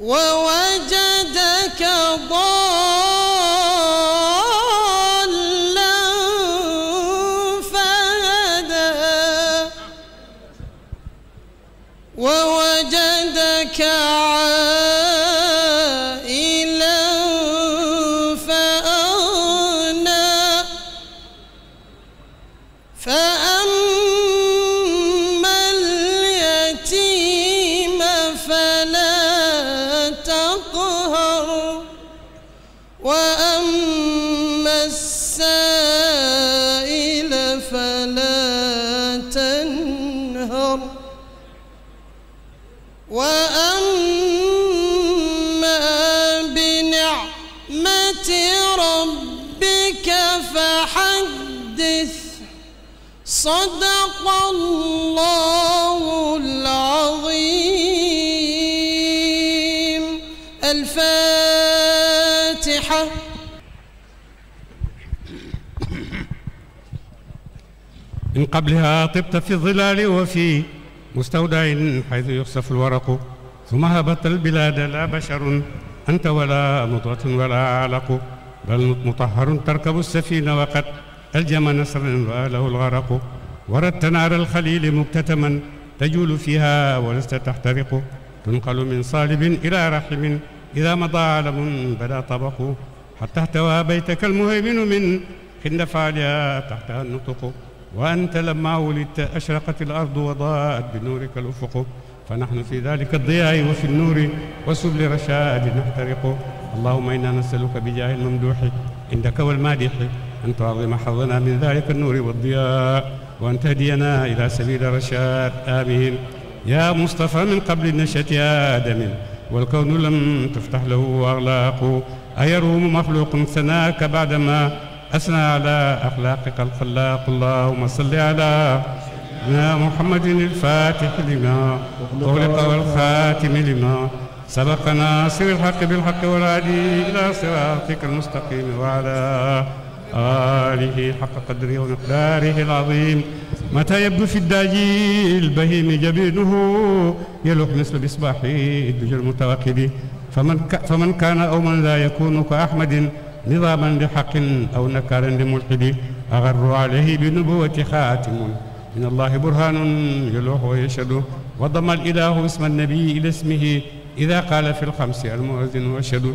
ووجد من قبلها طبت في الظلال وفي مستودع حيث يخسف الورق ثم هبت البلاد لا بشر أنت ولا مضغة ولا علق بل مطهر تركب السفينة وقد ألجم نصر وآله الغرق وردت نار الخليل مكتتما تجول فيها ولست تحترق تنقل من صالب إلى رحم إذا مضى علم بلا طبق حتى احتوى بيتك المهيمن من خند فعلها تحتها النطق wa anta lamma wulidta ashraqat al ardu wa daat bi nuurika al ufuqu fa naxnu fi dalika diyaai wa fi nuuri wa subli rashaadi naxtariqu allahuma inna nasaluka bi jaahi almamduuxi indaka walmaadixi an tuazima xadana min dalika alnuuri waldiyaa wa an tahdiyana ila sabili rashaad amin ya mustafa min qabli nashati aadamin walkawnu lam tuftax lahu aglaaqu ayaruumu maxluqun sanaaka baadama أثنى على أخلاقك الخلاق اللهم صل على سيدنا محمد الفاتح لما أغلق والخاتم لما سبق ناصر الحق بالحق والهادي إلى صراطك المستقيم وعلى آله حق قدره ومقداره العظيم متى يبدو في الداجي البهيم جبينه يلوح مثل بإصباح الدجل المتوقد فمن, فمن كان أو من لا يكون كأحمد نظاما بحق أو نكارا لملحد أغر عليه بنبوة خاتم من الله برهان يلوح ويشهد وضم الإله اسم النبي إلى اسمه إذا قال في الخمس المؤذن وشد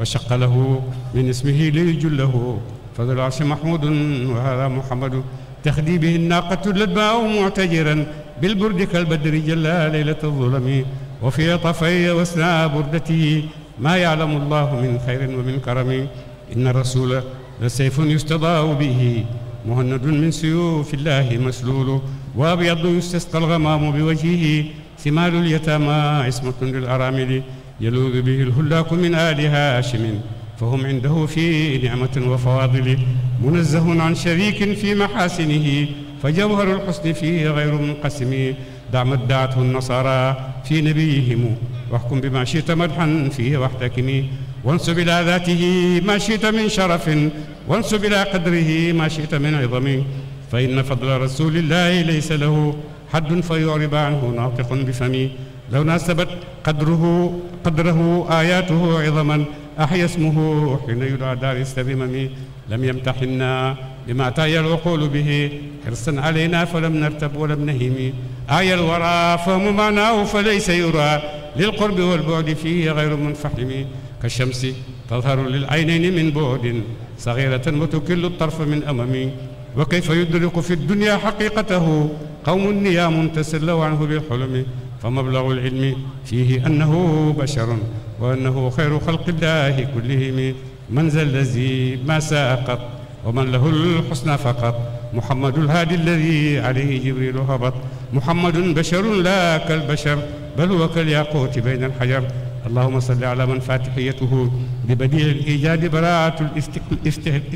وشق له من اسمه ليجله فذو العرش محمود وهذا محمد تخدي به الناقة لدماء معتجرا بالبرد كالبدر جلا ليلة الظلم وفي طفي وسنى بردته ما يعلم الله من خير ومن كرم inna rasula la sayfun yustadaaw bihi muhannadun min suyufi llahi maslulu wa abyadu yustasqa algamaamu bi wajhihi simaalul yataama ismatun lil aramili yaluudu bihi lhullaaku min aali haashimin فهم عنده في نعمة وفواضل منزه عن شريك في محاسنه فجوهر الحسن فيه غير منقسم دع ما ادعته النصارى في نبيهم واحكم بما شئت مدحا فيه واحتكم وانسب إلى ذاته ما شئت من شرف وانسب إلى قدره ما شئت من عظم فإن فضل رسول الله ليس له حد فيعرب عنه ناطق بفمي لو ناسبت قدره قدره آياته عظما أحيا اسمه حين يدعى دار السبمم لم يمتحنا بما أتاي العقول به حرصا علينا فلم نرتب ولم نهم آي الورى فهم معناه فليس يرى للقرب والبعد فيه غير منفحم ka shamsi tadharu lil aynayni min bu'din saghiratan wa tukillu tarfa min amami wa kayfa yudriku fi dunya haqiqatahu qawmun niyamun tasallaw anhu bil hulumi fa mablagu l-ilmi fihi annahu basharun wa annahu khayru khalqi llahi kullihim man za allazi ma saa qat wa man lahu l-husna faqat muhammadul haadi allazi alayhi jibrilu habat muhammadun basharun la kal bashar bal huwa kal yaquti bayna al-hajar allahuma salli ala man fatihiyatuhu bi badii ijaadi baraatu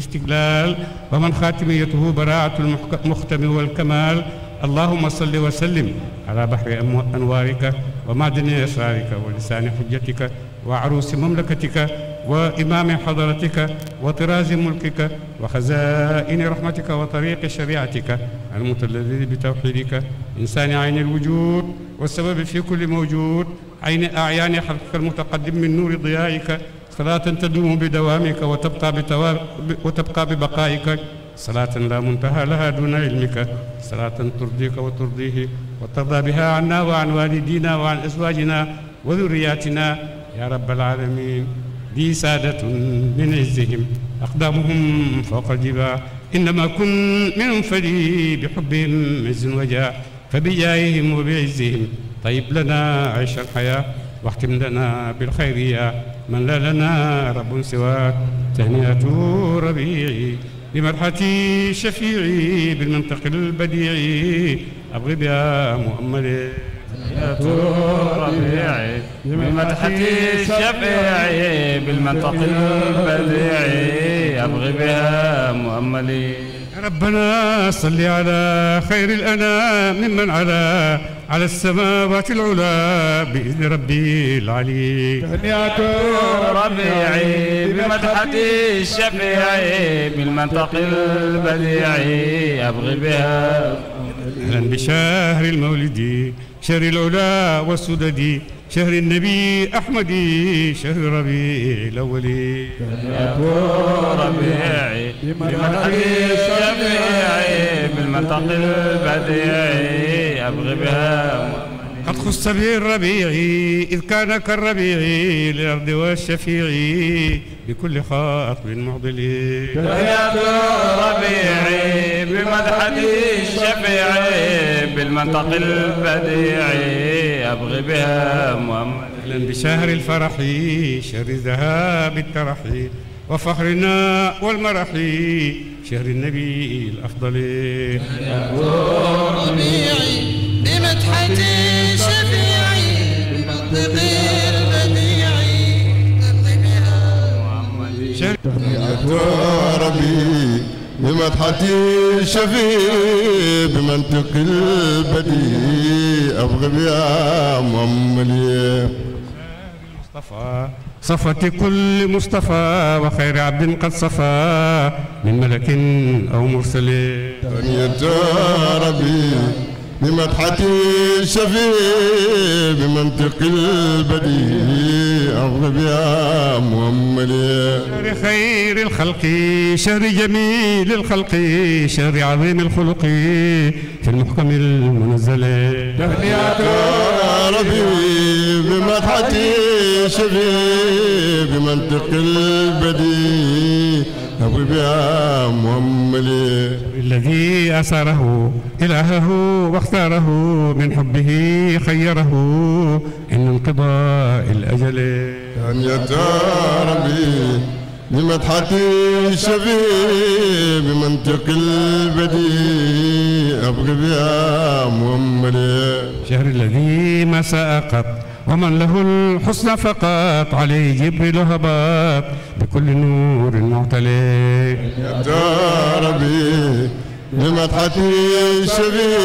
istiqlaal wa man xaatimiyatuhu baraatu muxtami walkamaal allahuma salli wa sallim ala baxri anwaarika wa maadani asraarika wa lisaani xujjatika wa aruusi mamlakatika وإمام حضرتك وطراز ملكك وخزائن رحمتك وطريق شريعتك المتلذذ بتوحيدك إنسان عين الوجود والسبب في كل موجود عين أعيان خلقك المتقدم من نور ضيائك صلاة تدوم بدوامك وتبقى, بتوا... وتبقى ببقائك صلاة لا منتهى لها دون علمك صلاة ترضيك وترضيه وترضى بها عنا وعن والدينا وعن أزواجنا وذرياتنا يا رب العالمين bi saadatun min izzihim aqdamuhum fawqa aljibaa innama kun minhum fali bi xubbihim izzun wajaa fa bi jaayihim wa bi izzihim tayib lana ayshan xayaa waxtim lana bil xayriya man la lana rabbun siwaak tahniatu rabii limarxati shafiici bilmantaqi albadii abgi biha muammale ربيعي بمدحتي شفيعي بالمنطق البديعي أبغي بها مؤملي ربنا صل على خير الأنام ممن على على السماوات العلا بإذن ربي العلي تهنئة ربيعي بمدحتي الشفيعي بالمنطق البديعي أبغي بها أهلا بشهر المولد شهر العلا والسدد شهر النبي أحمد شهر ربيع الأول ربيعي بمدح الشفيعي بالمنطق البديعي أبغي بها قد خص به الربيع إذ كان كالربيع للأرض والشفيع بكل خاطب معضل تحية ربيعي بمدحة الشفيعي بالمنطق البديع أبغي بها محمد أهلا بشهر الفرح شهر ذهاب الترحي وفخرنا والمرح شهر النبي الأفضل يا ربيعي بمدحتي شفيعي بمنطقي البديعي أبغي بها محمد شهر ربي بمدحتي الشفيع بمنطق البديع أبغب يا مؤملي مصطفى صفة كل مصطفى وخير عبد قد صفى من ملك أو مرسل تنيت ربي بمدحتي الشفيع بمنطق البديع أغضب يا محمد شر خير الخلق شر جميل الخلق شر عظيم الخلق في المحكم المنزل تهنئة ربي بمدحتي الشفيع بمنطق البديع أبو بها محمد الذي أسره إلهه واختاره من حبه خيره عند انقضاء الأجل أن يتاربي بمدحتي الشفيع بمنطق البديع أبو بها محمد شهر الذي ما ساء قط ومن له الحسن فقط عليه جبريل هبط بكل نور معتلي يا ربي بمدحتي شبي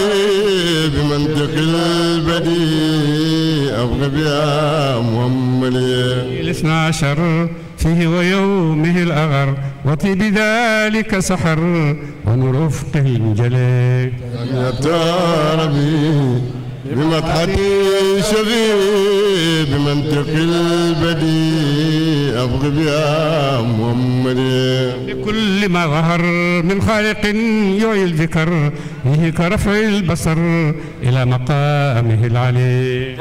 بمنطق البديع أبغى بيا محمد الاثنى عشر فيه ويومه الأغر وطيب ذلك سحر ونور أفقه المجلي يا ربي بمدحتي شغي بمنطق البديع أبغي بها محمد لكل ما ظهر من خالق يعي الذكر به كرفع البصر إلى مقامه العلي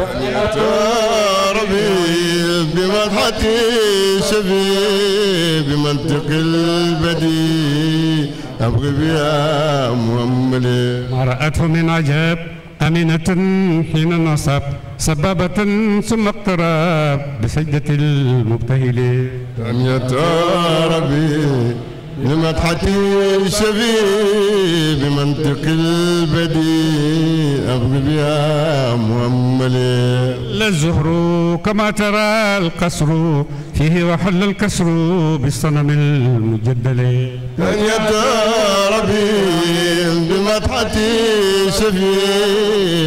ربي بمدحتي شبي بمنطق البديع أبغي بها محمد ما رأته من عجاب أمينة حين نصب سبابة ثم اقترب بسجدة المبتهل تم يا ربي لمدحتي شفي بمنطق البديع أبغي بها مؤملي للزهر كما ترى القصر فيه وحل الكسر بالصنم المجدل أن ربي بمدحتي شفي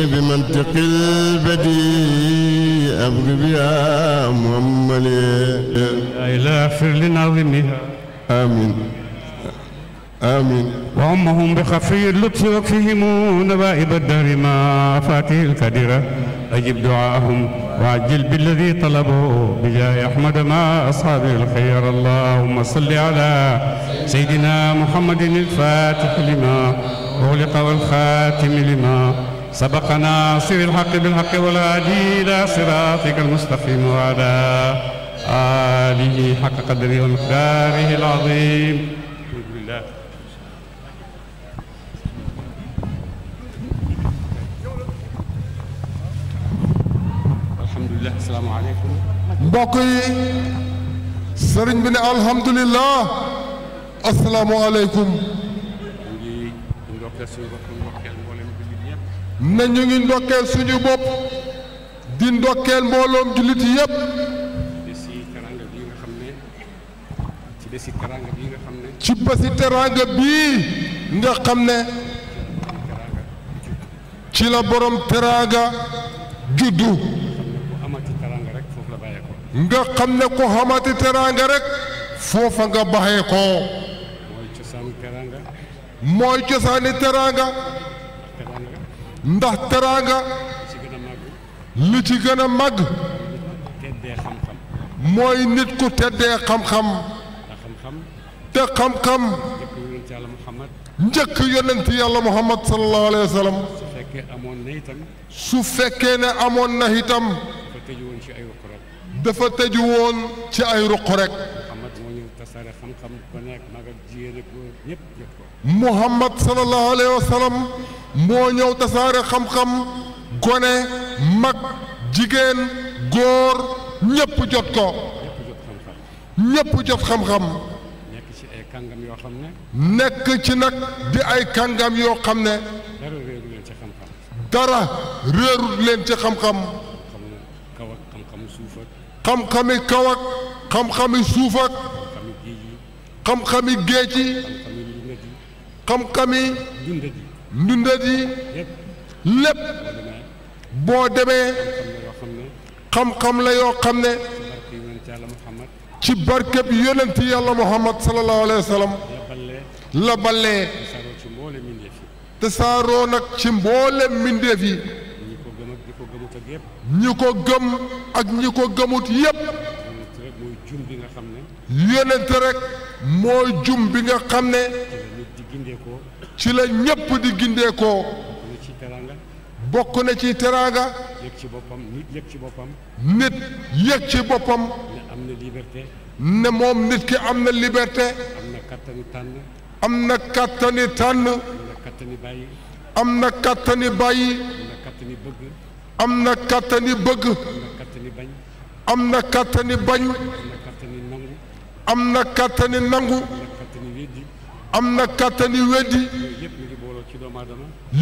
بمنطق البديع أبغي بها مؤملي لا إله لنظمها آمين آمين وأمهم بخفي اللطف واكفهم نبائب الدهر ما فاته الكدرة أجب دعاءهم وعجل بالذي طلبوا بجاه أحمد ما أصحاب الخير اللهم صل على سيدنا محمد الفاتح لما أغلق والخاتم لما سبق ناصر الحق بالحق والهادي إلى صراطك المستقيم وعلى آله حق قدره ومقداره العظيم asalaamaaleykum mbokk yi sëriñ bi ne alhamdulilah asalaamaaleykum na ñu ngi ndokkeel suñu bopp di ndokkeel mbooloom jullit yépp ci bési teranga bii xam ne bii nga xam ne ci la borom teranga juddu nga xam ne ku xamati teraanga rek foofa nga baxee ko mooy cosaani teraanga mooy cosaani teraanga ndax teraanga li ci gën a màgg mooy nit ku teddee xam-xam te xam-xam njëkk yonent yàlla muhammad sallallahu alayhi wa sallam su fekkee ne amoon na itam dafa tëju woon ci ay ruq rek. Muhammad sallallahu alayhi wa sallam moo ñëw tasaare xam-xam gone mag jigéen góor ñëpp jot ko. ñëpp jot xam-xam. nekk ci ay kàngam yoo xam ne. nekk ci nag di ay kàngam yoo xam ne. dara réerut leen ci xam-xam. xam-xami kaw ak xam-xami suuf ak xam-xami géej yi xam-xami ndundat yi lépp boo demee xam-xam la yoo xam ne ci barkeb yonent yàlla muhammad sallallahu alayhi wa sallam la ballee te saaroo nag ci mboolem mbindeef yi ñi ko gëm ak ñi ko gëmut yépp yonent rek mooy jum bi nga xam ne ci la ñépp di gindeekoo bokk na ci teraanga ci boppam nit yëg ci boppam nit ci boppam ne am na liberté ne moom nit ki am na liberté am na kattani tànn am na kattani bàyyi am na kàttani bëgg am na kàttani bañ am na kàttani nangu am na kàttani weddi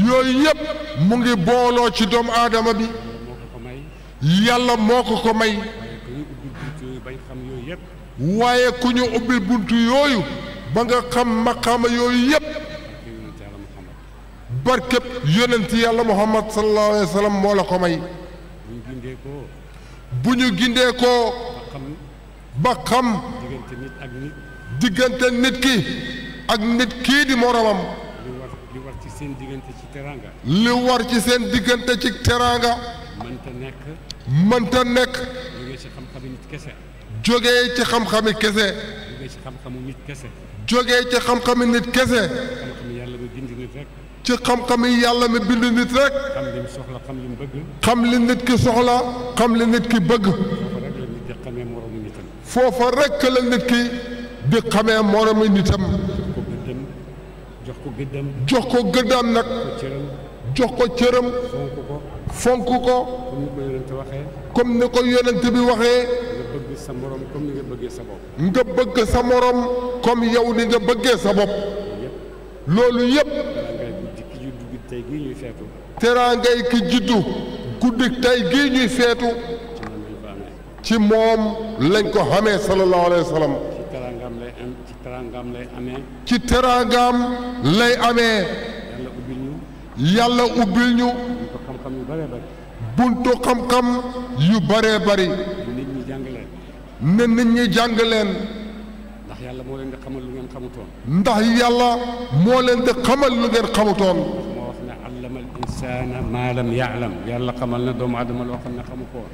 yooyu yëpp mu ngi booloo ci doomu aadama bi yàlla moo ko ko may waaye ku ñu ubbi buntu yooyu ba nga xam maqaama yooyu yëpp barkeb yónnent yàlla muhammad sallallahu alayhi wa sallam moo ko may bu ñu gindee koo ba xam diggante nit ki ak nit kii di moromam li war ci seen diggante ci teraanga li war ci seen diggante ci teraanga mënta nekk mënta nekk jógee ci xam-xami kese jógee ci xam-xami kese jógee ci ci xam-xami nit kese ci xam-xam yàlla mi bind nit rek. xam li xam li mu xam li nit ki soxla xam li nit ki bëgg. foofa rek la nit ki di xamee moromu nitam. jox ko gëddam jox ko gëddam nag. jox ko cëram. fonk ko. comme ni ko yonent bi waxee. nga bëgg sa morom sa bopp. nga bëgg sa morom comme yow ni nga bëggee sa bopp. loolu yépp tey gii ñuy feetu. teraangay ki juddu guddik tey gii ñuy feetu. ci moom lañ ko xamee sallallahu alayhi wa sallam. ci teraangaam lay ci teraangaam lay amee. yàlla ubbil ñu. yàlla ubbil ñu. buntu xam-xam yu bëree bari nit ñi jàng leen. ne nit ñi jàng leen. yàlla moo leen di xamal lu ngeen xamutoon. ndax yàlla moo leen di xamal lu ngeen xamutoon. insaana maa lam yaalam yàlla xamal na doomu aadama loo xam ne xamu ko woon.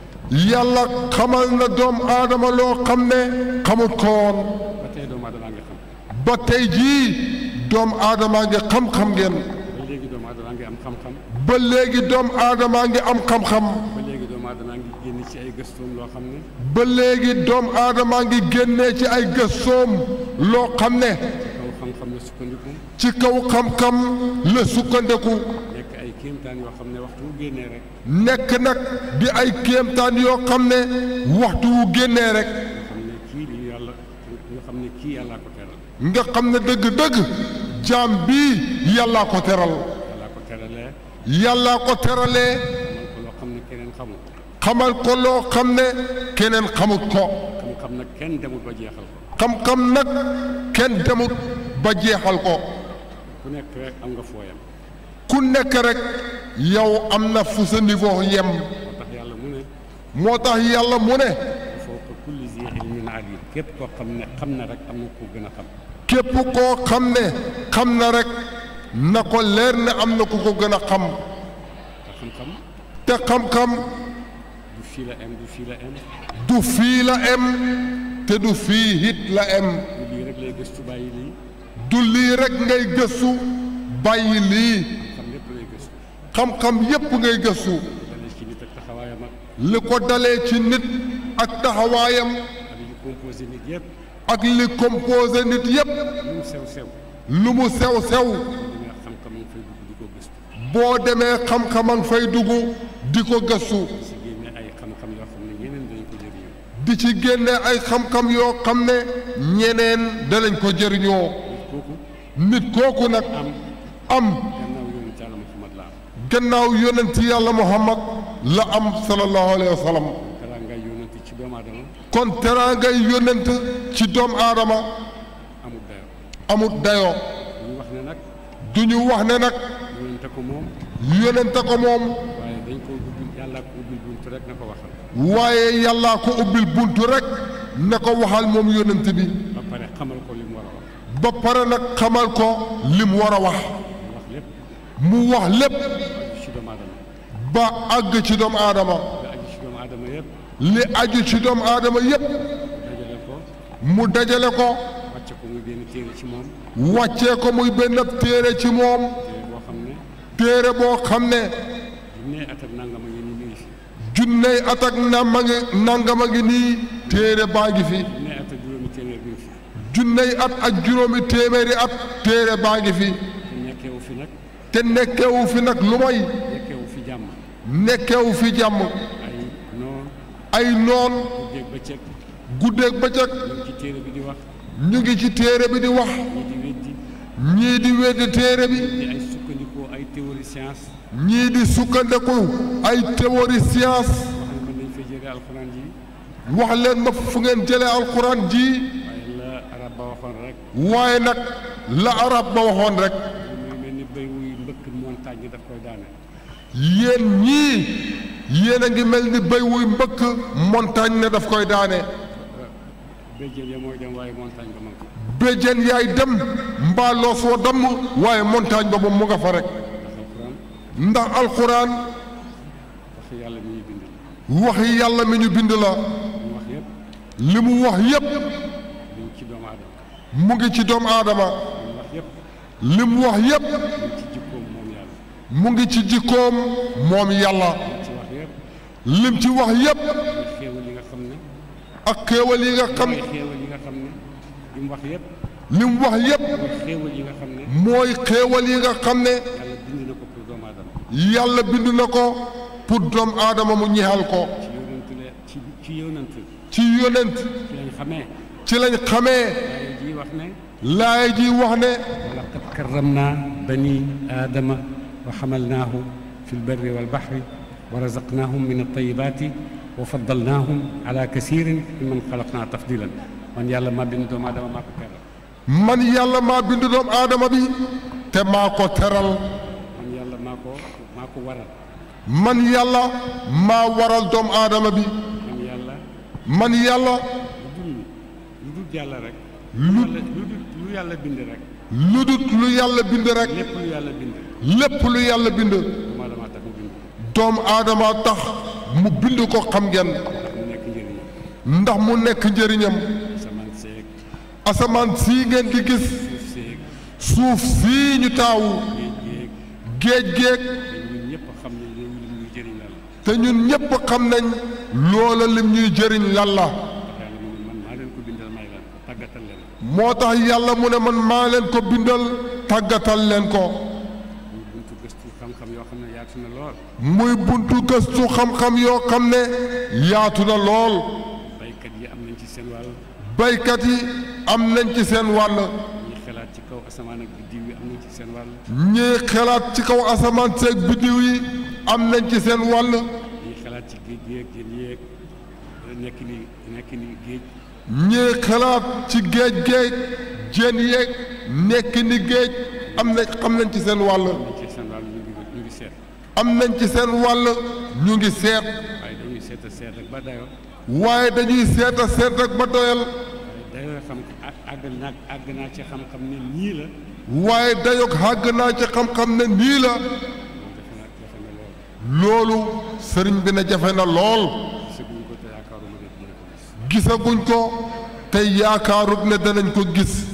yàlla xamal na doomu aadama loo xam ne xamut ko woon. ba tey doomu aadama ngi xam. jii doomu aadama ngi xam-xam ngeen. ba léegi doomu aadama ngi am xam-xam. ba léegi doomu aadama ngi am xam léegi doomu aadama ngi ci ay gëstoom loo xam léegi doomu aadama ngi génne ci ay gëstoom loo xam ne. ci kaw xam-xam la sukkandiku. ci kaw xam-xam la sukkandiku. kéemtaan yoo xam ne waxtu génnee rek. nekk nag bi ay kéemtaan yoo xam ne waxtu wu génnee rek. nga xam ne kii yàllaa xam ne dëgg-dëgg jaam bii yàllaa ko teral. yàllaa ko terale xamal ko loo xam ne keneen xamut. xamal ko loo xam ne keneen xamut ko. xam-xam nag kenn demut ba jeexal ko. xam kenn demut ba jeexal ko. nekk ku nekk rekk yow am na fu sa niveau yem moo tax yàlla mu ne képp koo xam ne xam na rek am na ku gën a xam képp koo xam ne xam na rek na ko leer ne am na ku ko gën a xam te xam-xam du fii la em du fii la em te du fii it la em du lii rek ngay gëstu bàyyi lii xam-xam yépp ngay gëstu li ko dalee ci nit ak taxawaayam ak li composé nit yépp lu mu sew sew boo demee xam-xam a fay dugg di ko gëstu di ci génne ay xam-xam yoo xam ne ñeneen danañ ko jëriñoo nit kooku nag am gannaaw yonent yàlla Muhammad la am sallallahu alayhi wa sallam. teraangay yonent ci doomu aadama. kon teraangay yonent ci doomu aadama. amut dayoo. amut dayoo. duñu wax ne nag. duñu wax ne nag. yonente ko moom. yonente ko moom. waaye dañ ko ubbil yàllaa ko ubbil ko waxal. waaye yàllaa ko ubbil rek na ko waxal moom yonent bi. ba pare xamal ko li mu ba pare nag xamal ko li mu war a wax. mu wax lépp ba àgg ci doomu aadama li aju ci doomu aadama yépp mu dajale ko wàccee ko muy benn téere ci moom téere boo xam ne junney at ak nàmma ngi nàngama ngi nii téere baa ngi fi junney at ak juróomi téeméeri at téere baa ngi fi te nekkewu fi nag lu moy nekkewu fi jàmm nekkewu fi jàmm ay noon guddeeg bëccëg guddeeg ñu ngi ci téere bi di wax ñu ngi ci téere bi di wax ñii di weddi téere bi ñii di ay sukkandiku ay théorie science ñii di sukkandiku ay wax leen ma fu ngeen jëlee alquran ji waaye nag la arab ba waxoon rek gi daf koy daane. yéen ñii yéen a ngi mel ni béy wuy mbëkk montagne ne daf koy daane. béjjén ya mooy dem waaye montagne ba mag. béjjén yaay dem mbaa loos wa damm waaye montagne ba mu nga fa rek. ndax alxuraan. yàlla mi ñu waxi yàlla mi ñu bind la. li mu wax yépp mu ngi ci doomu aadama. li mu wax yépp mu ngi ci jikkoom moom yàlla lim ci wax yépp ak xéewal yi nga xam ne lim wax yépp mooy xéewal yi nga xam ne yàlla bind na ko pour doomu aadama mu ñeexal ko ci yonent ci lañ xamee laay ji wax ne. wala qad wa xamalnaahu fi lbarri walbaxri wa razaqnaahum min altayibaati wa faddalnaahum ala kasiirin mimman xalaqnaa tafdilan man yàlla maa bind doomu aadama maa ko teral man yàlla maa bind doomu aadama bi te maa ko teral man yàlla maa ko maa ko waral man yàlla maa waral doomu aadama bi man yàlla man yàlla lu dul yàlla rek lu lu yàlla bind rek lu dul lu yàlla bind rek lépp lu yàlla bind lépp lu yàlla bind doomu aadama tax mu bind ko xam ngeen ndax mu nekk njëriñam asamaan sii ngeen di gis suuf sii ñu taawu géej geej te ñun ñépp xam nañ loola lim ñuy jëriñ lan la moo tax yàlla mu ne man maa leen ko bindal tàggatal leen ko lool. muy buntu gëstu xam-xam yoo xam ne yaatu na lool. baykat yi am nañ ci seen wàll. baykat yi am nañ ci seen wàll. ñiy xalaat ci kaw asamaan ak am seen wàll. ñiy xalaat ci kaw asamaan ak biddiw yi am nañ ci seen wàll. ñiy xalaat ci géej yeeg yéen yéeg nekk ni nekk géej. ñiy xalaat ci géej géej jën yeeg nekk ni géej am nañ nañ ci seen wàll. am nañ ci seen wàll ñu ngi seet. waaye dañuy seet a seet rek ba dayoo. waaye dañuy seet a seet rek ba doyal. àgg naa ci xam ne nii waaye dayoo àgg naa ci xam-xam ne nii la. loolu sëriñ bi na jafe na lool. gisaguñ ko te yaakaarut ne danañ ko gis.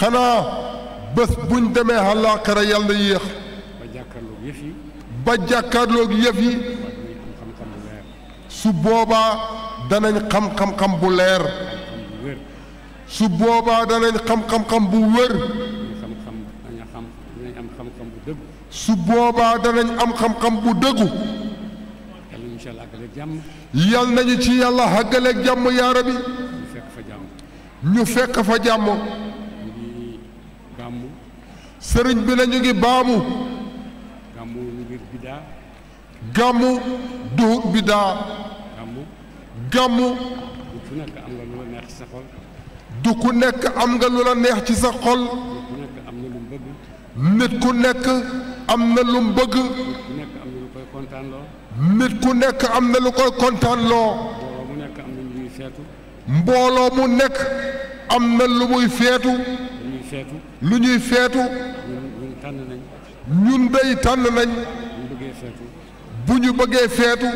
xanaa bés buñ demee àllaaxira yàlla yéex. ba jàkkaarloog yëf yi. ba jàkkaarloog yëf yi. su boobaa danañ xam-xam-xam bu leer. su boobaa danañ xam-xam-xam bu wér. su boobaa danañ am xam-xam bu dëggu. yal nañu ci yàlla àggaleeg jàmm yaara bi. ñu fekk fa jàmm. sëriñ bi nañu ngi baamu. gàmmu ngir bidaa. gàmmu du ku nekk am nga lu ci sa xol. ku nekk am nga lu la neex ci sa xol. nit ku nekk am na lu mu bëgg. nit ku nekk am na lu koy kontaanloo. mbooloo mu nekk am na lu muy feetu. feetu. lu ñuy feetu. ñun tànn nañ. ñun day tànn nañ. bu ñu bëggee feetu.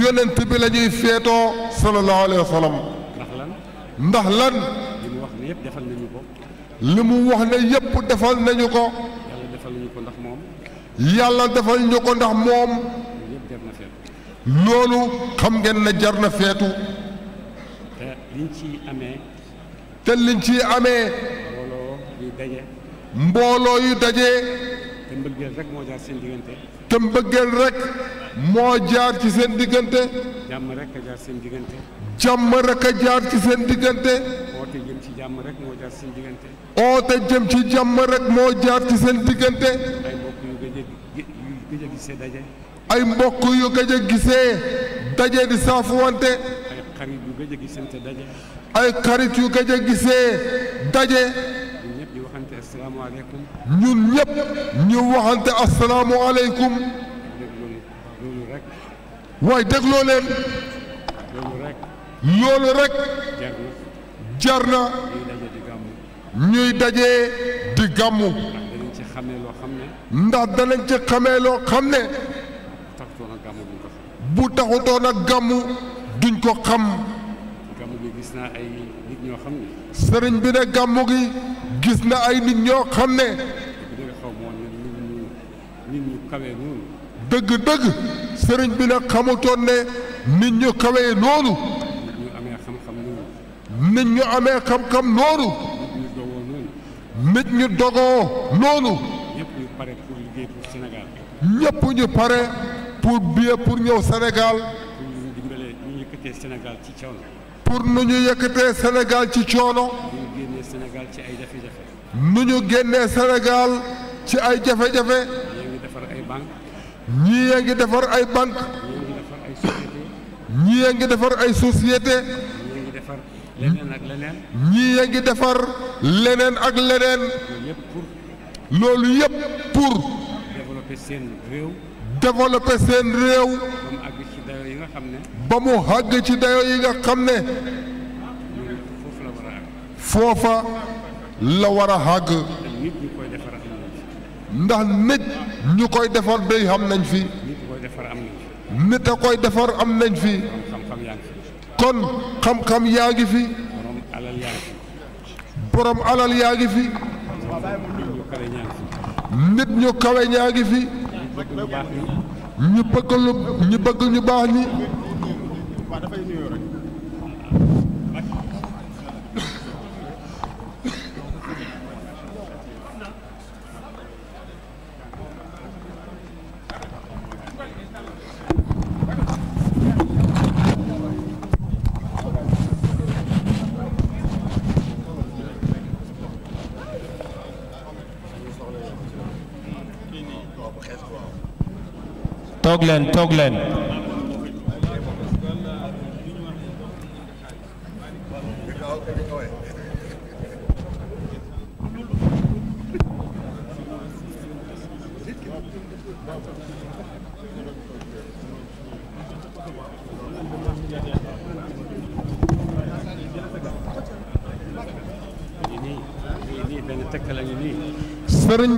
yonent bi la ñuy feetoo. sallallahu alayhi wa sallam. ndax lan. ndax li mu wax ne yëpp defal nañu ko. mu wax ne yëpp defal nañu ko. yàlla defal nañu ko ndax moom. yàlla defal ñu ko ndax moom. loolu xam ngeen ne jar na feetu. te amee. te liñ ci amee. mbooloo yu daje. daje. te mbëggeel rek moo jaar seen diggante. te mbëggeel moo jaar ci seen diggante. jàmm rek a jaar seen a jaar ci seen diggante. oote jëm ci jàmm rek moo jaar oote jëm ci jàmm moo jaar ci seen diggante. ay mbokk yu gëj a gisee mbokk yu gëj a gisee daje di saafuwante. xarit yu gëj a gisante daje. ay xarit yu gëj a gisee daje. ñun ñëpp ñu waxante asalaamaaleykum. ñun ñëpp ñu waxante asalaamaaleykum. loolu rek. waaye dégloo leen. loolu rekk loolu rek. jar na. ñuy daje di gàmmu. ndax danañ ci xamee loo xam ne. bu taxutoon ak gàmmu. duñ ko gi naa ay nit sëriñ bi ne gàmmu gi gis na ay nit ñoo xam ne. dëgg-dëgg sëriñ bi nag xamutoon ne nit ñu kawee noonu. nit ñu amee xam-xam noonu. nit ñu dogoo noonu. ñëpp ñu pare pour liggéey pour ñëw Sénégal. yëkkatee Sénégal ci coono. pour nu ñu yëkkatee Sénégal ci coono. nu ñu génnee Sénégal ci ay jafe-jafe. nu ñu ci ay jafe-jafe. ñii ngi defar ay banque ñii ngi defar ay banque ñii yaa ngi defar ay société ñii yaa ngi defar leneen ak leneen. ñii yaa defar leneen ak leneen. loolu yëpp pour. développer seen réew. développer seen ci dayo yi nga xam ne. ba mu xàgg ci dayo yi nga xam ne foofa la war a xàgg ndax nit ñu koy defar day xam nañ fi nit a koy defar am nañ fi kon xam-xam yaa ngi fi borom alal yaa ngi fi nit ñu kawe ñaa ngi fi ñu bëgg lu ñu bëgg ñu baax ñi toog leen toog leen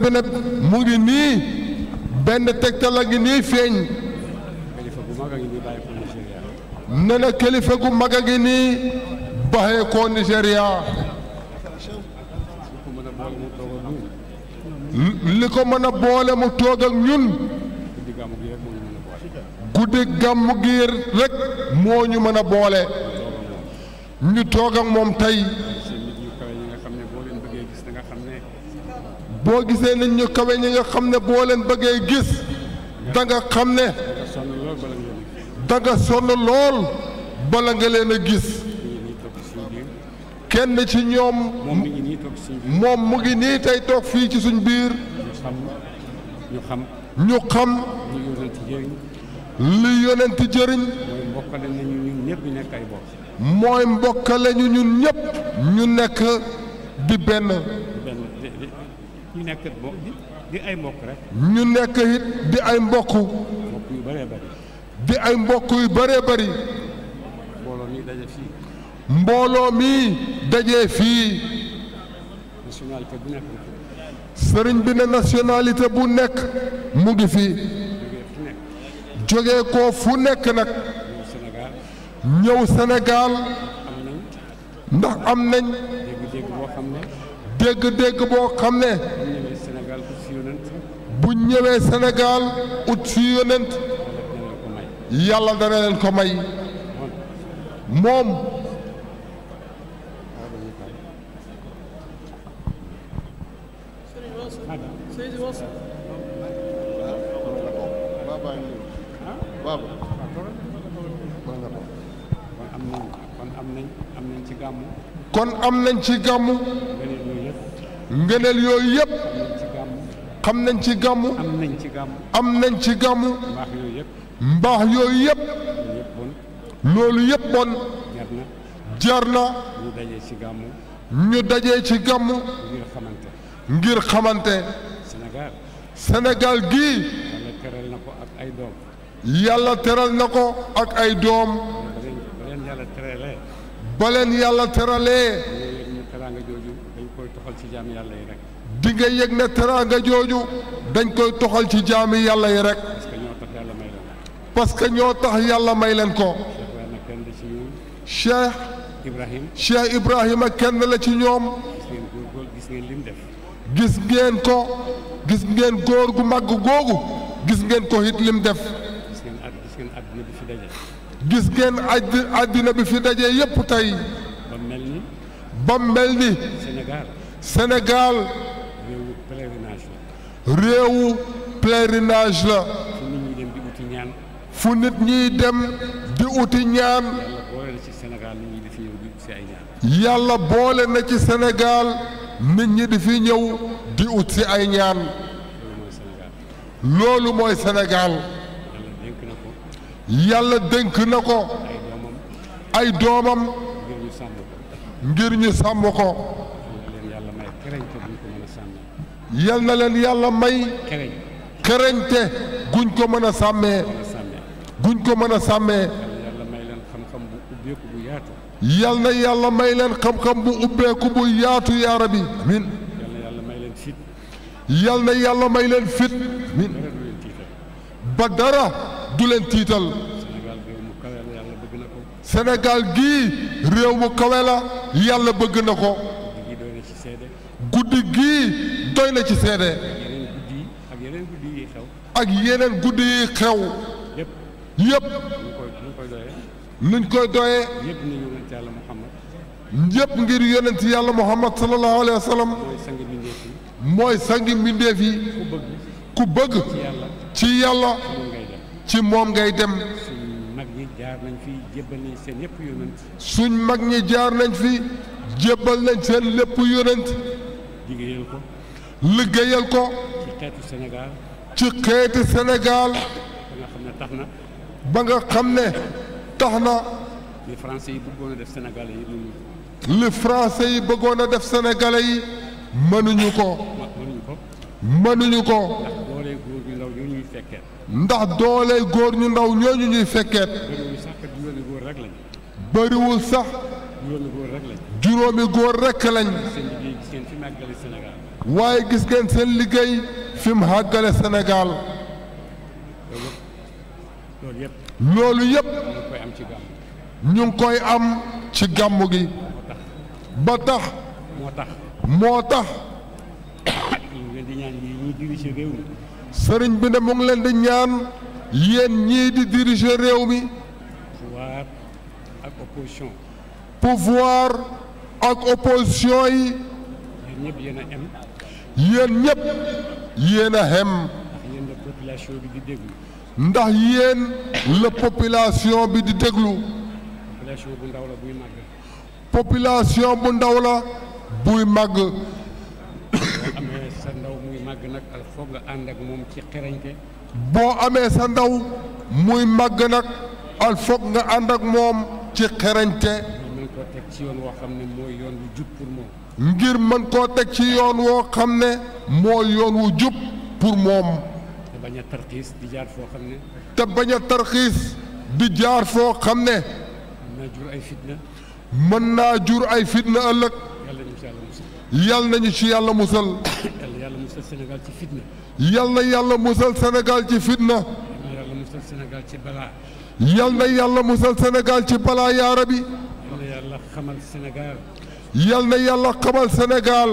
bi nag mu ngi nii benn tegtal a ngi nii feeñ ne na gu mag a ngi nii baxee koo Nigéria li ko mën a boole mu toog ak ñun guddi gàmmu gi rek moo ñu mën a boole ñu toog ak moom tey boo gisee nit ñu kawe ñi nga xam ne boo leen bëggee gis da xam ne da nga sonn lool bala nga leen a gis kenn ci ñoom moom mu ngi nii tey toog fii ci suñ biir ñu xam ñu xam li yonent jëriñ mooy mbokkale ñu ñun ñëpp ñu nekk di benn ñu nekk di ay mbokk rek. ñu nekk di ay mbokk. yu bëree bëri. di ay mbokk yu bëree bari mbooloo mi daje fii. mbooloo mi daje fii. nationalité sëriñ bi ne nationalité bu nekk mu ngi fi jógee ko fu nekk nag. ñëw Sénégal. ndax am nañ. dégg-dégg boo xam ne bu ñëwee Sénégal ut fi yonent yàlla dana leen ko may moom kon am nañ ci gàmmu ngëneel yooyu yëpp xam nañ ci gàmmu am nañ ci gàmmu am nañ ci gàmmu mbaax yooyu yëpp loolu yëpp bon jar na ñu dajee ci gàmmu ngir xamante Sénégal gii yàlla teral na ko ak ay doom baleen yàlla teralee ci jaami yàlla yi rek. di nga yëg ne teraanga jooju dañ koy toxal ci jaami yàlla yi rek. parce que ñoo tax yàlla may leen ko. parce que ñoo tax yàlla may leen ko. Cheikh. Ibrahim Ibrahima kenn la ci ñoom. gis ngeen lim def. gis ngeen ko gis ngeen góor gu màgg googu gis ngeen ko it lim def. gis ngeen gis ngeen àddina bi fi daje. gis ngeen àddina bi fi daje yépp tey. ba mel ni. ba mel ni. senegaal réewu pèlerinage la. réewu fu nit ñi dem di uti ñaan. fu nit yàlla boole na ci senegaal nit ñi di fi ñëw di ut si ay ñaan. loolu mooy senegaal yàlla dénk na ko. ay doomam. ngir ñu sàmm ko. yal na leen yàlla may xereñte guñ ko mën a sàmmee guñ ko mën a sàmmee yal na yàlla may leen xam-xam bu ubbeeku bu yaatu yaa rabbi amin yal na yàlla may leen fit amin ba dara du leen tiital Sénégal gii réew mu kawe yàlla bëgg na ko guddi gii doy na ci seede ak yeneen guddi yi xew ak yeneen guddi yi xew yëpp nuñ koy doyee ñëpp ngir yonent yàlla muhammad sallallahu alayhi wa sallam mooy sangi mbindeef yi ku bëgg ci yàlla ci moom ngay dem suñ mag ñi jaar nañ fi jébbal nañ seen lépp yonent liggéeyal ko. ci xeetu Sénégal. ci xeeti Sénégal. ba nga xam ne tax na. ba nga xam ne tax na. li français yi bëggoon def sénégalais yi yi bëggoon a def sénégalais yi mënuñu ko. mënuñu ko. ndax doole góor ñu ndaw ñooñu ñuy fekkeet. bëriwul sax. juróomi góor rek lañ. juróomi góor rek lañ. waaye gis ngeen seen liggéey fi mu xàggale Sénégal loolu yëpp ñu ngi koy am ci gàmmu gi ba tax moo tax moo tax sëriñ bi ne mu ngi leen di ñaan yéen ñii di diriger réew mi pouvoir ak opposition pouvoir ak opposition yi yéen ñëpp yéen a xem ndax yéen la population bi di déglu population bu ndaw la buy màgg population bu ndaw la buy màgg sa ndaw muy màgg nag foog nga ànd ak moom ci xereñte boo amee sa ndaw muy màgg nag al foog nga ànd ak moom ci xereñte teg ci yoon woo xam ne mooy yoon wu jub pour ngir mën koo teg ci yoon woo xam ne moo yoon wu jub pour moom. te bañ tarxiis di jaar foo xam ne. te bañ a di jaar foo xam ne. mën naa jur ay fitna. mën naa jur ay fitna ëllëg. yal nañu ci yàlla musal. yal na yàlla musal Sénégal ci fitna. yal na yàlla musal Sénégal ci fitna. yal ci balaa. yal na yàlla musal Sénégal ci balaa yaa rabbi. yal na yàlla yal na yàlla xamal senegaal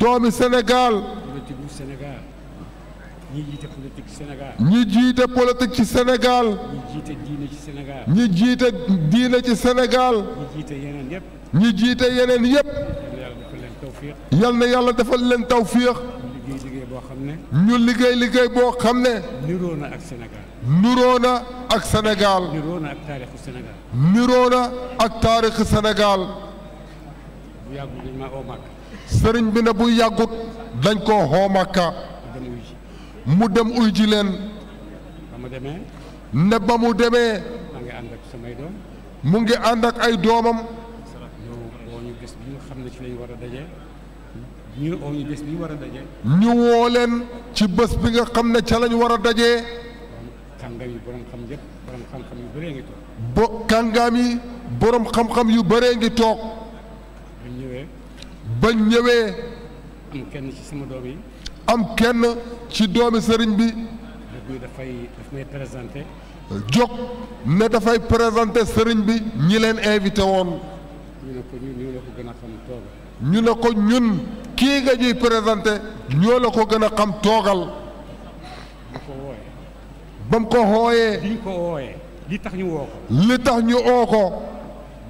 doomi Sénégal ñi jiite politique ci Sénégal. ñi jiite politique ci Sénégal. ñi jiite diine ci Sénégal. ñi jiite diine ci Sénégal. ñi jiite yeneen yëpp. ñi jiite yeneen yëpp. yal na yàlla defal leen tawfiix. ñu liggéey liggéey boo xam ne. ñu liggéey liggéey boo xam ne. niroo na ak Sénégal. niroo na ak Sénégal. niroo na ak taarixu bu yàggul dañ maa oo màkk. sëriñ bi ne bu yàggut dañ koo xoo màkka mu dem uy ji leen. ba ne ba mu demee. mu ngi ànd ak samay doom. mu ngi ànd ay doomam. ñu woo ñu ci war a daje. ñu woo ñu bés leen ci bés bi nga xam ne ca lañ war a daje. kàngaam bo kàngaam yi borom xam-xam yu bëree ngi toog. bañ ñëwee. am kenn ci sama yi. am kenn ci doomi sëriñ bi. jóg dafay daf may ne dafay présenté sëriñ bi ñi leen invité woon. ñu ne ko ñun gën a xam toogal. ñu ne ko ñun kii nga ñuy présenté ñoo la ko gën a xam toogal. ba mu ko xooyee. li ko wooyee li tax ñu woo tax ñu woo ko.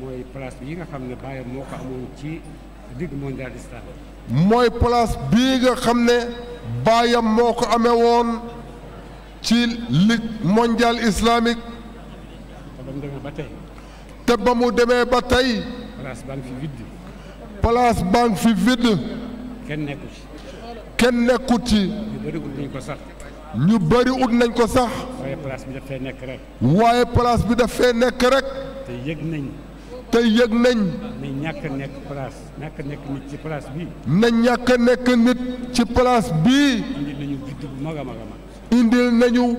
mooy place nga xam ne bàyyam moo ci. ligue mondiale islam. mooy place bii nga xam ne baayam moo ko amee woon ci ligue mondiale islamique. te ba mu demee ba tey. te ba mu demee ba tey. place baa ngi fi vide. fi vide. kenn nekkut ci. kenn nekkut ñu bëri ut nañ ko sax. ñu bëri ut nañ ko sax. waaye place bi daf fee nekk rek. waaye place bi daf fee te yëg nañ. te yëg nañ. na ñàkk nekk place ñàkk nekk nit ci place bii. na ñàkk nekk nit ci place bii. indil nañu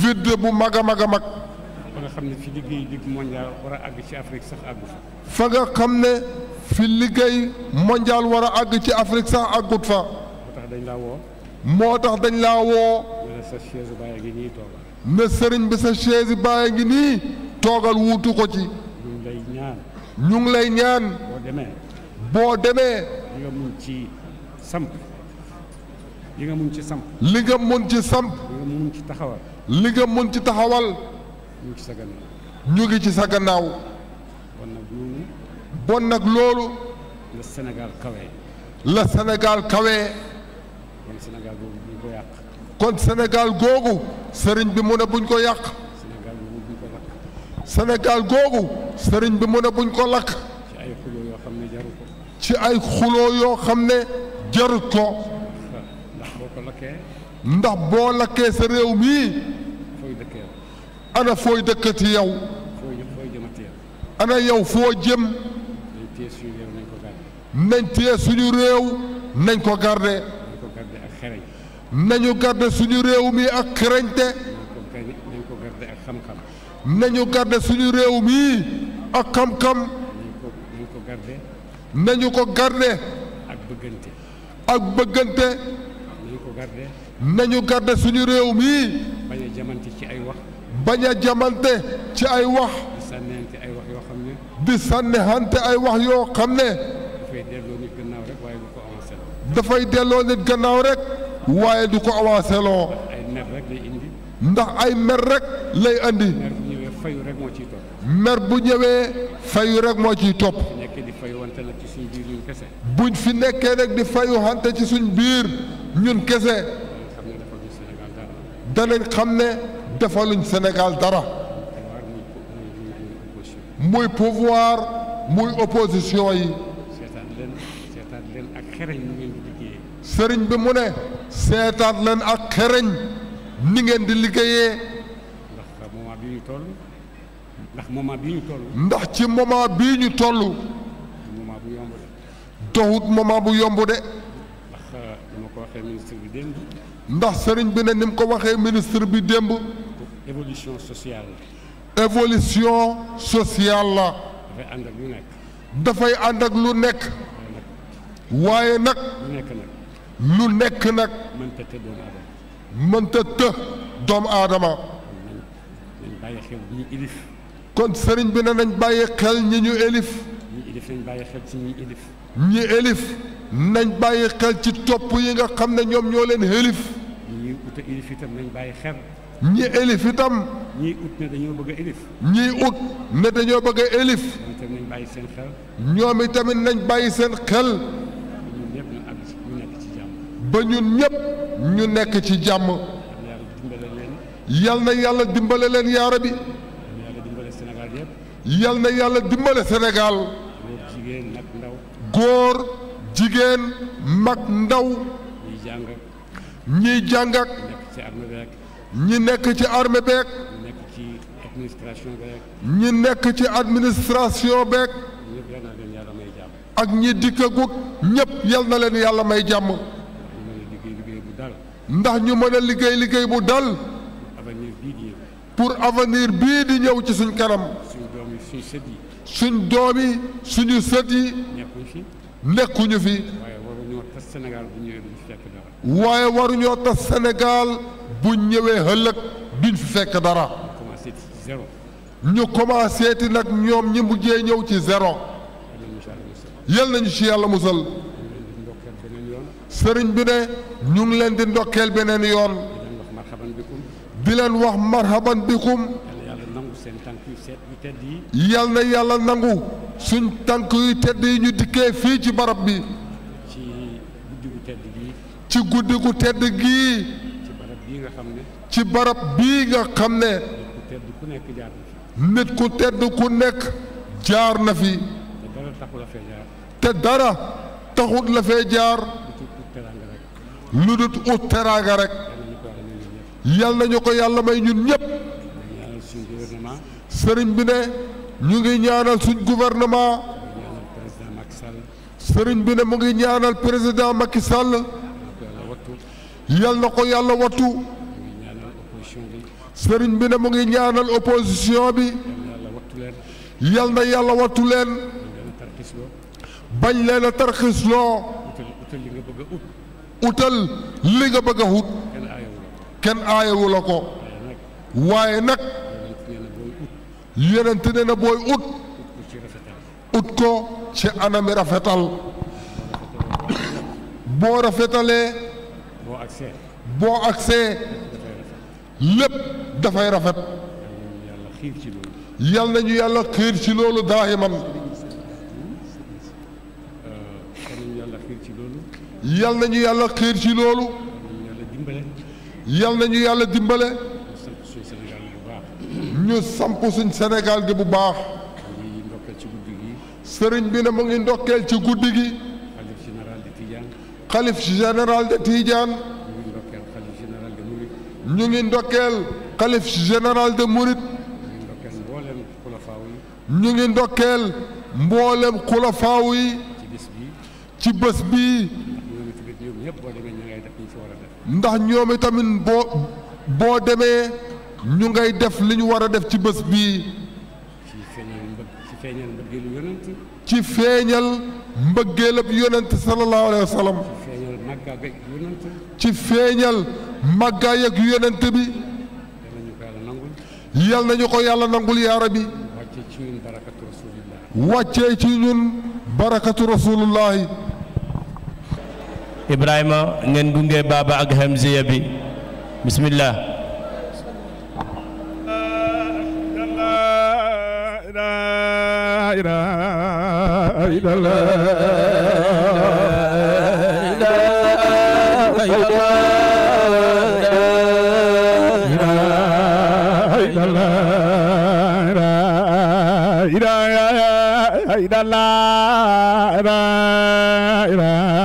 vide bu mag a mag nañu vide bu mag a mag a mag. fa nga xam ne fi liggéey Ligue war a àgg ci Afrique sax àggu fa. fi liggéey mondiale war a àgg ci Afrique sax àggut fa. moo tax dañ laa woo. moo tax dañ laa woo. ne sa chaise bàyyi ngi nii toogal. ne sëriñ bi sa chaise bàyyi ngi nii toogal wuutu ko ci. ñu ngi lay ñaan. boo demee. boo demee. li nga mun ci samp. li nga mun ci samp. li nga ci samp. li ci taxawal. li nga ci taxawal. ñu ngi ci sa gannaaw. ci sa gannaaw. bon nag loolu. bon la Sénégal kawe. la Sénégal kawe. kon Sénégal googu buñ sëriñ bi mu ne buñ ko yàq. Sénégal googu buñ googu. sëriñ bi mu ne buñ ko lakk. ci ay xuloo yoo xam ne jarut ko. ay xuloo yoo xam ne jarut ko. ndax boo ko lakkee. boo lakkee sa réew mii. fooy dëkkee ana fooy dëkkati yow. ana yow foo jëm. nañ téye suñu réew nañ ko garde nañu garde suñu réew mi ak xereñte nañu garde suñu réew mi ak xam-xam nañu ko garde nañu ko garde ak bëggante ak bëggante nañu ko garde nañu garde suñu réew mii bañ a jamante ci ay wax a jamante ci ay wax di sànnihante ay wax yoo xam ne di sànnihante ay wax yoo xam ne dafay delloo nit gannaaw rek waaye du ko avancé delloo nit gannaaw rek waaye du ko avancé loo ay mer rek indi ndax ay mer rek lay indi fayu rek moo ciy topp. mer bu ñëwee fayu rek moo ciy topp. buñ fi nekkee nag di fayu xante ci suñu biir ñun kese. danañ xam ne defaluñ senegal dara. muy pouvoir muy opposition yi. sëriñ bi mu ne. seetaat leen ak xereñ ni ngeen di liggéeyee. ndax moment bii ñu ndax ci moment bii ñu toll. moment bu doxut moment bu yomb de. ndax euh, ma ko waxee ministre bi démb. sëriñ bi ne ni mu ko waxee ministre bi démb. évolution sociale la. évolution la. dafay ànd ak lu nekk. waaye nag. lu nekk nag. lu nekk mënta të doomu aadama. mënta kon sëriñ bi ne nañ bàyyi xel ñi ñu élif. ñi élif nañ bàyyi xel ci ñi élif. ñi nañ bàyyi ci topp yi nga xam ne ñoom ñoo leen élif. ñi élif itam nañ bàyyi xel. ñi itam. ñii ut ne dañoo bëgg a élif. dañoo bëgg a élif. ñoom itam nañ bàyyi seen nañ bàyyi seen xel. ba ñun ñëpp ñu nekk ci jàmm. yal na yàlla dimbale leen yaara bi. yal na yàlla dimbale Sénégal góor jigéen mag ndaw ñiy jàng ak ñi nekk ci armée beek ñi nekk ci administration beek ak ñi dikkagut ñépp yal na leen yàlla may jàmm ndax ñu mën liggéey liggéey bu dal pour avenir bii di ñëw ci suñ kanam suñu sët yi. suñ doom yi suñu sët yi. nekkuñu fi. nekkuñu fi. waaye waruñoo tas senegaal bu ñëwee duñ fi fekk dara. waaye waruñoo tas Sénégal bu ñëwee fi fekk dara. ñu commencé nag ñoom ñi mujjee ñëw ci zéro. yal nañu ci yàlla musal. sëriñ bi ne ñu ngi leen di ndokkeel beneen yoon. di leen wax marhaban bikum. tedd yi. yal na yàlla nangu suñ tànk yu tedd yi ñu dikkee fii ci barab bi. ci guddi gu tedd gii. ci guddi tedd gii. ci barab bii nga xam ne. ci barab bii nga xam ne. nit ku tedd ku nekk jaar na fi. nit nekk jaar na fi. te dara taxul la fee jaar. te dara taxul lu dut ut teraanga rek. yal na ñu ko yàlla may ñun ñëpp. sëriñ bi ne ñu ngi ñaanal suñ gouvernement sëriñ bi ne mu ngi ñaanal président Macky Sall yal na ko yàlla wattu sëriñ bi ne mu ngi ñaanal opposition bi yal na yàlla watu leen bañ leen a tarxisloo utal li nga bëgg a ut kenn aayawu la ko waaye nag yonent ne na booy ut ut ko ci anami rafetal boo rafetalee boo agsee lépp dafay rafet yal nañu yàlla xiir ci loolu daayiman yal nañu yàlla xiir ci loolu yal nañu yàlla dimbale ñu samp suñ Sénégal gi bu baax. sëriñ bi ne mu ngi ndokkeel ci guddi gi. xalif général de Tidiane. ñu ngi ndokkeel xalif général de Mouride. ñu ngi ndokkeel mboolem xulafaaw yi. ci bés bii. ndax ñoom itamit boo boo demee. ñu ngay def li ñu war a def ci bés bii. ci feeñal mbëggeelab yonent sallallahu alayhi wa sallam. feeñal màggaay ak yonent bi. yal nañu ko yàlla nangul yaa rabbi. wàccee ci ñun barakatu rasulullahi. Ibrahima ngeen gunge baaba ak hamziya bi bismillah. la la la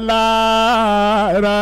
la la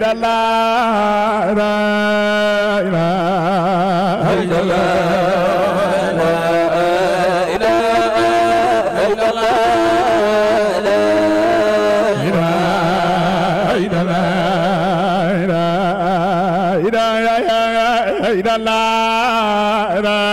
إلا الله لا إله إلا الله إلى الله لا إله إلا الله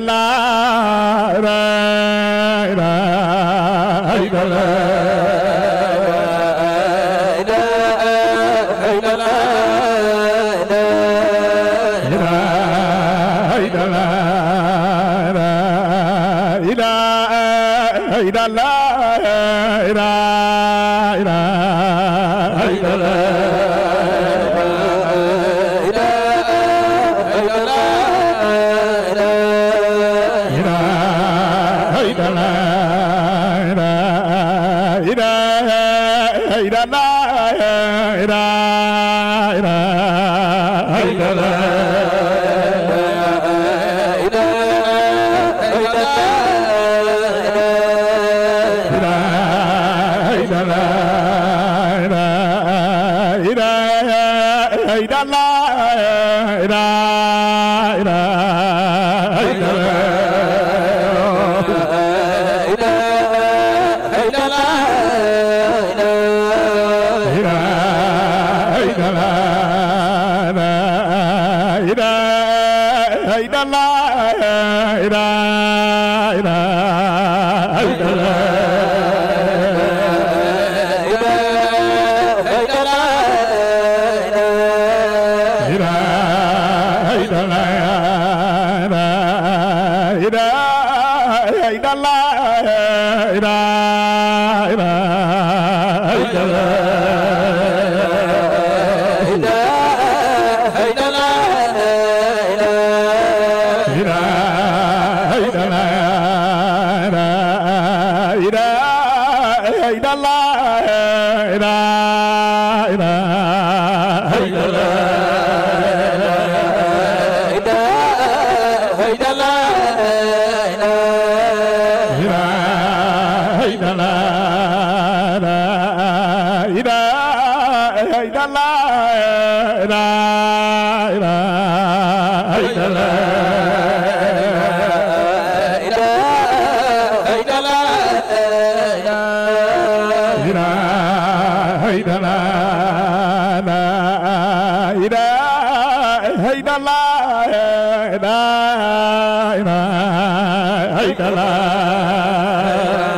la هيدا لا لا لا هيدا لا